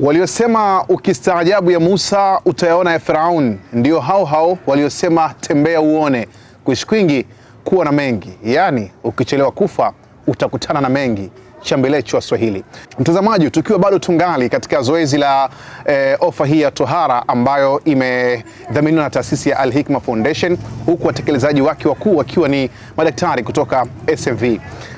Waliosema ukistaajabu ya Musa utayaona ya Firaun ndio hao hao waliosema tembea uone kuishi kwingi kuwa na mengi, yaani ukichelewa kufa utakutana na mengi. Chambelechi wa Swahili. Mtazamaji, tukiwa bado tungali katika zoezi la e, ofa hii ya tohara ambayo imedhaminiwa na taasisi ya Al Hikma Foundation, huku watekelezaji wake wakuu wakiwa ni madaktari kutoka SMV.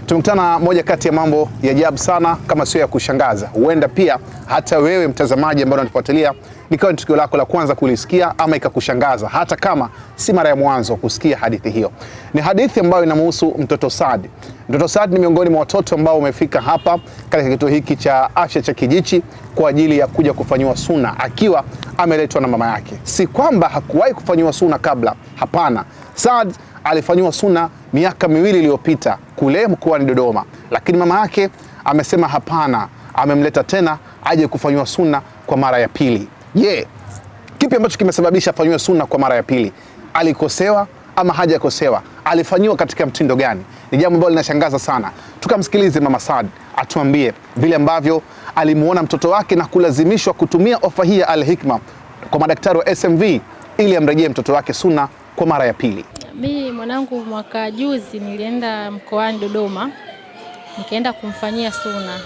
Tumekutana moja kati ya mambo ya ajabu sana, kama sio ya kushangaza. Huenda pia hata wewe mtazamaji ambao unatufuatilia likawa ni tukio lako la kwanza kulisikia ama ikakushangaza, hata kama si mara ya mwanzo kusikia hadithi hiyo. Ni hadithi ambayo inamhusu mtoto Saad. Mtoto Saad ni miongoni mwa watoto ambao wamefika hapa katika kituo hiki cha afya cha Kijichi kwa ajili ya kuja kufanyiwa suna, akiwa ameletwa na mama yake. Si kwamba hakuwahi kufanyiwa suna kabla, hapana. Saad alifanyiwa suna miaka miwili iliyopita kule mkoani Dodoma, lakini mama yake amesema hapana, amemleta tena aje kufanyiwa suna kwa mara ya pili. Je, yeah. Kipi ambacho kimesababisha afanyiwe suna kwa mara ya pili? Alikosewa ama hajakosewa? Alifanyiwa katika mtindo gani? Ni jambo ambalo linashangaza sana. Tukamsikilize Mama Saad atuambie vile ambavyo alimuona mtoto wake na kulazimishwa kutumia ofa hii ya Al Hikma kwa madaktari wa SMV ili amrejee mtoto wake suna kwa mara ya pili. Mi mwanangu mwaka juzi nilienda mkoani Dodoma, nikaenda kumfanyia suna.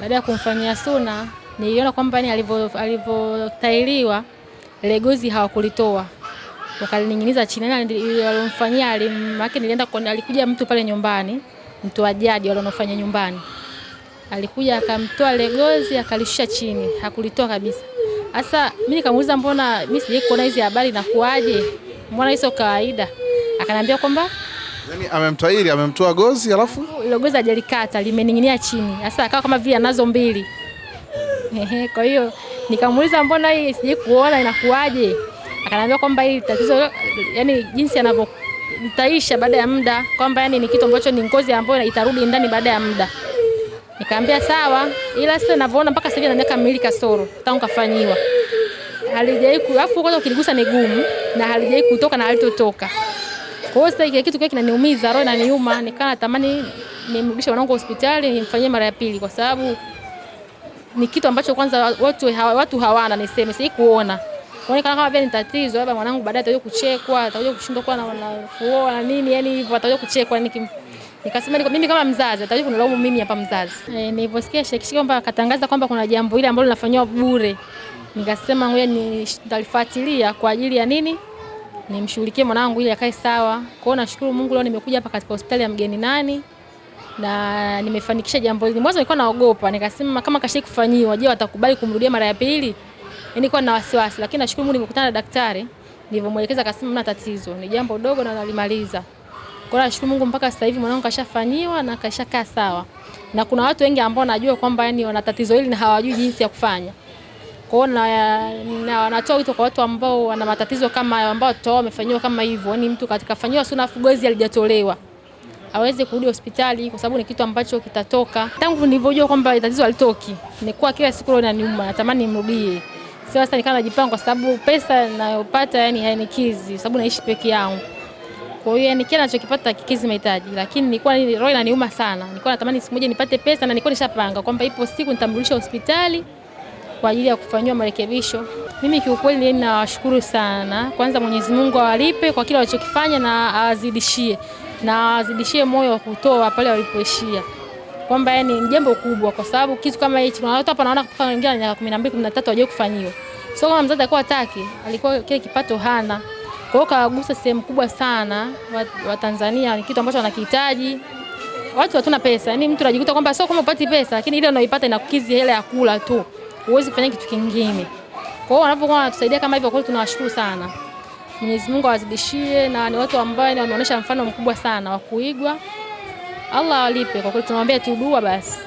Baada ya kumfanyia suna, niliona kwamba ni alivyotailiwa legozi hawakulitoa, wakalining'iniza chini, na walomfanyia alimake. Nilienda kwa, alikuja mtu pale nyumbani, mtu wa jadi walionofanya nyumbani, alikuja akamtoa legozi akalishia chini, hakulitoa kabisa. Sasa mimi nikamuuliza, mbona mimi sijaikuona hizi habari, nakuaje? mbona hiyo kawaida? Akaniambia kwamba yani amemtahiri amemtoa gozi alafu ile gozi hajalikata limening'inia chini. Sasa akawa kama vile anazo mbili. Ehe, kwa hiyo nikamuuliza mbona hii sije kuona inakuaje? Akaniambia kwamba hii tatizo yani jinsi anavyo itaisha baada ya muda, kwamba yani ni kitu ambacho ni ngozi ambayo itarudi ndani baada ya muda. Nikamwambia sawa, ila sasa ninavyoona mpaka sasa hivi na miaka miwili kasoro tangu kafanyiwa halijai alafu kwanza ukiligusa ni gumu na halijai kutoka na halitotoka. Kwa hiyo sasa kitu kile kinaniumiza roho inaniuma, nikaa natamani nimrudishe mwanangu hospitali nimfanyie mara ya pili, kwa sababu ni kitu ambacho kwanza watu, watu hawana niseme, si kuona kwa nini kama vile ni tatizo, labda mwanangu baadaye atakuja kuchekwa, atakuja kushindwa kuwa na kuoa na nini, yani hivyo atakuja kuchekwa. Yaani nikasema niko mimi kama mzazi, atakuja kunilaumu mimi hapa mzazi. E, nilivyosikia shekishi kwamba katangaza kwamba kuna jambo ile ambalo linafanywa bure nikasema ngoja nitalifuatilia kwa ajili ya nini, nimshughulikie mwanangu ili akae sawa. Kwa hiyo nashukuru Mungu leo nimekuja hapa katika hospitali ya Mgeni Nani na nimefanikisha jambo hili. Mwanzo nilikuwa naogopa, nikasema kama kashai kufanyiwa, je, watakubali kumrudia mara ya pili? Yaani nilikuwa na wasiwasi, lakini nashukuru Mungu nimekutana na daktari, nilivyomwelekeza akasema mna tatizo, ni jambo dogo na nalimaliza. Kwa hiyo nashukuru Mungu mpaka sasa hivi mwanangu kashafanyiwa na kashakaa sawa, na kuna watu wengi ambao najua kwamba yani wana tatizo hili na hawajui jinsi ya kufanya kuona na wanatoa wito kwa watu ambao wana matatizo kama hayo, ambao toa wamefanyiwa kama hivyo, yani mtu katika fanyiwa suna fugozi alijatolewa aweze kurudi hospitali kwa sababu ni kitu ambacho kitatoka. Tangu nilivyojua kwamba tatizo alitoki, nilikuwa kila siku leo inaniuma, natamani nimrudie. Sasa nikawa najipanga kwa sababu pesa ninayopata yani hainikizi, kwa sababu naishi peke yangu. Kwa hiyo yani kila ninachokipata kikizi mahitaji, lakini nilikuwa roho inaniuma sana. Nilikuwa natamani siku moja nipate pesa na nilikuwa nishapanga kwamba ipo siku nitamrudisha hospitali kwa ajili ya kufanyiwa marekebisho. Mimi kiukweli ninawashukuru sana, kwanza Mwenyezi Mungu awalipe kwa kila walichokifanya na awazidishie na awazidishie moyo wa kutoa pale walipoishia, kwamba yani ni jambo kubwa, kwa sababu kitu kama hichi kuna watu hapa naona kutoka wengine na miaka 12 13 waje kufanyiwa. So kama mzazi alikuwa hataki, alikuwa kile kipato hana, kwa hiyo kawagusa sehemu kubwa sana wa Tanzania, ni kitu ambacho wanakihitaji watu hatuna pesa. Yaani mtu anajikuta kwamba sio kama upati pesa, lakini ile unaoipata inakukizi hela ya kula tu huwezi kufanya kitu kingine. Kwa hiyo wanapokuwa wanatusaidia kama hivyo, kweli tunawashukuru sana. Mwenyezi Mungu awazidishie, na ni watu ambao wameonyesha mfano mkubwa sana wa kuigwa. Allah awalipe kwa kweli, tunawaambia tu dua basi.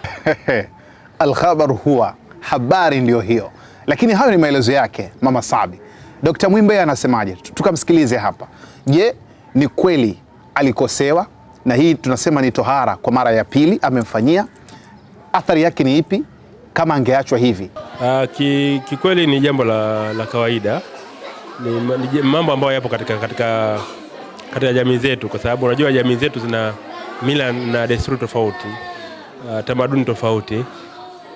Alkhabar huwa habari, ndiyo hiyo. Lakini hayo ni maelezo yake Mama Sabi. Dr. Mwimbe anasemaje? Tukamsikilize hapa. Je, ni kweli alikosewa na hii tunasema ni tohara kwa mara ya pili amemfanyia? Athari yake ni ipi? kama angeachwa hivi? Uh, ki, ni jambo la, la kawaida ni, ni mambo ambayo yapo katika, katika, katika jamii zetu, kwa sababu unajua jamii zetu zina mila na desturi tofauti, uh, tamaduni tofauti.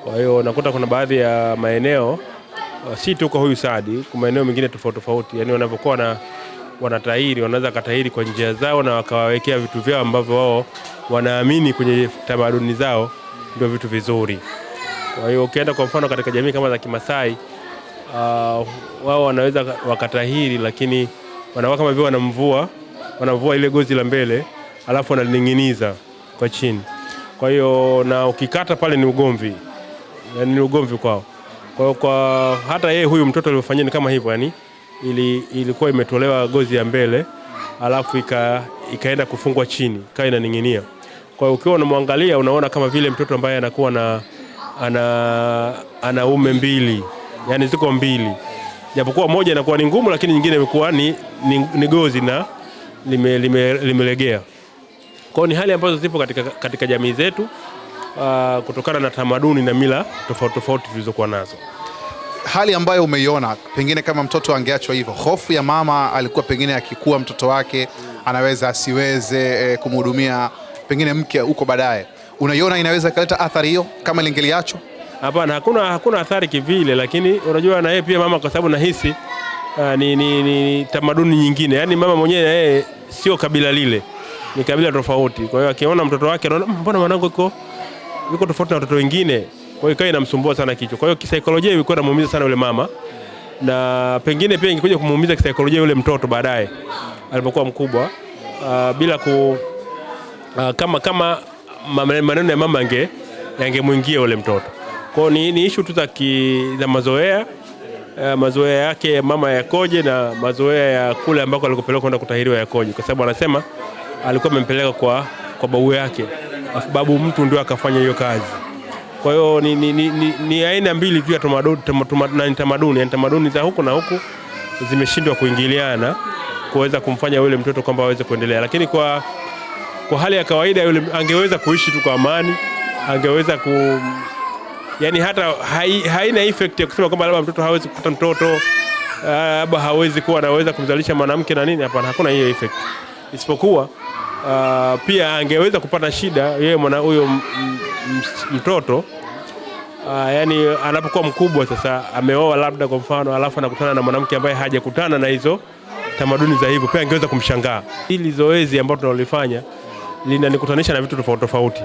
Kwa hiyo unakuta kuna baadhi ya maeneo uh, si tu kwa huyu Saadi, kwa maeneo mengine tofauti tofauti, yani wanavyokuwa na wanatahiri wanaweza katahiri kwa njia zao na wakawawekea vitu vyao ambavyo wao wanaamini kwenye tamaduni zao ndio vitu vizuri. Kwa hiyo ukienda kwa mfano katika jamii kama za Kimasai uh, wao wanaweza wakatahiri, lakini wanakuwa kama vile wanamvua wanavua ile gozi la mbele alafu wanalining'iniza kwa chini. Kwa hiyo na ukikata pale ni ugomvi, yani ni ugomvi kwao. Kwa hiyo kwa hata yeye huyu mtoto aliofanyia ni kama hivyo, yani ili, ilikuwa imetolewa gozi ya mbele alafu ika, ikaenda kufungwa chini kaa inaning'inia. Kwa hiyo ukiwa unamwangalia unaona kama vile mtoto ambaye anakuwa na ana, anaume mbili, yani ziko mbili, japokuwa moja inakuwa ni ngumu, lakini nyingine imekuwa ni, ni, ni gozi na limelegea lime, lime kwao. Ni hali ambazo zipo katika, katika jamii zetu uh, kutokana na tamaduni na mila tofauti tofauti tulizokuwa nazo hali ambayo umeiona pengine kama mtoto angeachwa hivyo, hofu ya mama alikuwa pengine akikua mtoto wake anaweza asiweze e, kumhudumia pengine mke huko baadaye. Unaiona inaweza ikaleta athari hiyo kama lingeliacho? Hapana, hakuna, hakuna athari kivile, lakini unajua na yeye pia mama, kwa sababu nahisi uh, ni, ni, ni tamaduni nyingine, yaani mama mwenyewe na yeye sio kabila lile, ni kabila tofauti. Kwa hiyo akiona mtoto wake anaona mm, mbona mwanangu yuko yuko tofauti na watoto wengine, kwa hiyo ikawa inamsumbua sana kichwa. Kwa hiyo kisaikolojia ilikuwa inamuumiza sana yule mama, na pengine pia ingekuja kumuumiza kisaikolojia yule mtoto baadaye alipokuwa mkubwa, uh, bila ku uh, kama kama maneno ya mama yangemwingia yule ule mtoto kwao. Ni, ni ishu tu za mazoea uh, mazoea yake mama yakoje na mazoea ya kule ambako alikopeleka kwenda kutahiriwa yakoje, kwa sababu anasema alikuwa amempeleka kwa, kwa babu yake, sababu mtu ndio akafanya hiyo kazi. Kwa hiyo ni, ni, ni, ni, ni aina mbili tu ya tamaduni, tamaduni yaani za huku na huku zimeshindwa kuingiliana kuweza kumfanya yule mtoto kwamba aweze kuendelea, lakini kwa kwa hali ya kawaida yule angeweza kuishi tu kwa amani, angeweza ku yani hata hai, haina effect ya kusema kwamba labda mtoto hawezi kupata mtoto ah, labda uh, hawezi kuwa anaweza kumzalisha mwanamke na nini. Hapana, hakuna hiyo effect, isipokuwa uh, pia angeweza kupata shida yeye mwana huyo mtoto Uh, yani anapokuwa mkubwa sasa, ameoa labda kwa mfano, alafu anakutana na mwanamke ambaye hajakutana na hizo tamaduni za hivyo, pia angeweza kumshangaa. Hili zoezi ambalo tunalifanya linanikutanisha na vitu tofauti tofauti,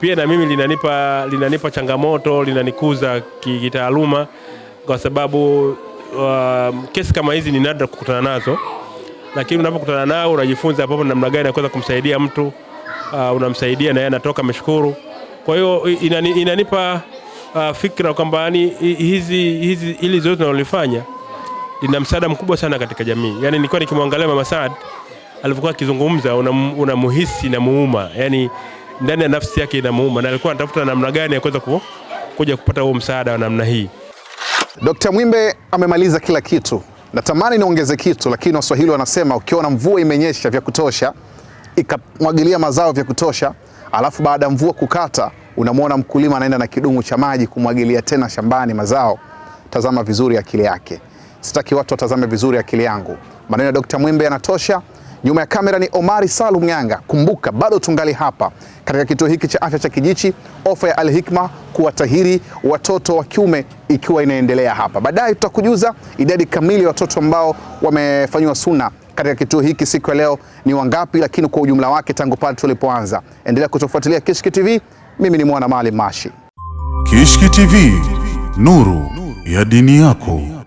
pia na mimi linanipa, linanipa changamoto, linanikuza kitaaluma kwa sababu uh, kesi kama hizi ni nadra kukutana nazo, lakini unapokutana nao unajifunza hapo namna gani naweza kumsaidia mtu uh, unamsaidia na yeye anatoka ameshukuru. Kwa hiyo inani, inanipa uh, fikra kwamba yani hizi, hizi, ili zoezi tunalolifanya lina msaada mkubwa sana katika jamii. Yaani nilikuwa nikimwangalia Mama Saad alivyokuwa akizungumza unamuhisi una namuuma, yani ndani ya nafsi yake inamuuma, na alikuwa anatafuta namna gani ya kuweza kuja kupata huo msaada wa namna hii. Dkt. Mwimbe amemaliza kila kitu. Natamani niongeze kitu, lakini Waswahili wanasema ukiona mvua imenyesha vya kutosha ikamwagilia mazao vya kutosha, alafu baada ya mvua kukata, unamwona mkulima anaenda na kidumu cha maji kumwagilia tena shambani mazao. Tazama vizuri akili yake. Sitaki watu watazame vizuri akili yangu. Maneno ya Dr. Mwimbe yanatosha. Nyuma ya kamera ni Omari Salum Nyanga. Kumbuka bado tungali hapa katika kituo hiki cha afya cha Kijichi, ofa ya alhikma kuwatahiri watoto wa kiume ikiwa inaendelea hapa. Baadaye tutakujuza idadi kamili ya watoto ambao wamefanyiwa suna katika kituo hiki siku ya leo ni wangapi, lakini kwa ujumla wake tangu pale tulipoanza. Endelea kutufuatilia Kishki TV. Mimi ni mwana Mali Mashi. Kishki TV, nuru ya dini yako.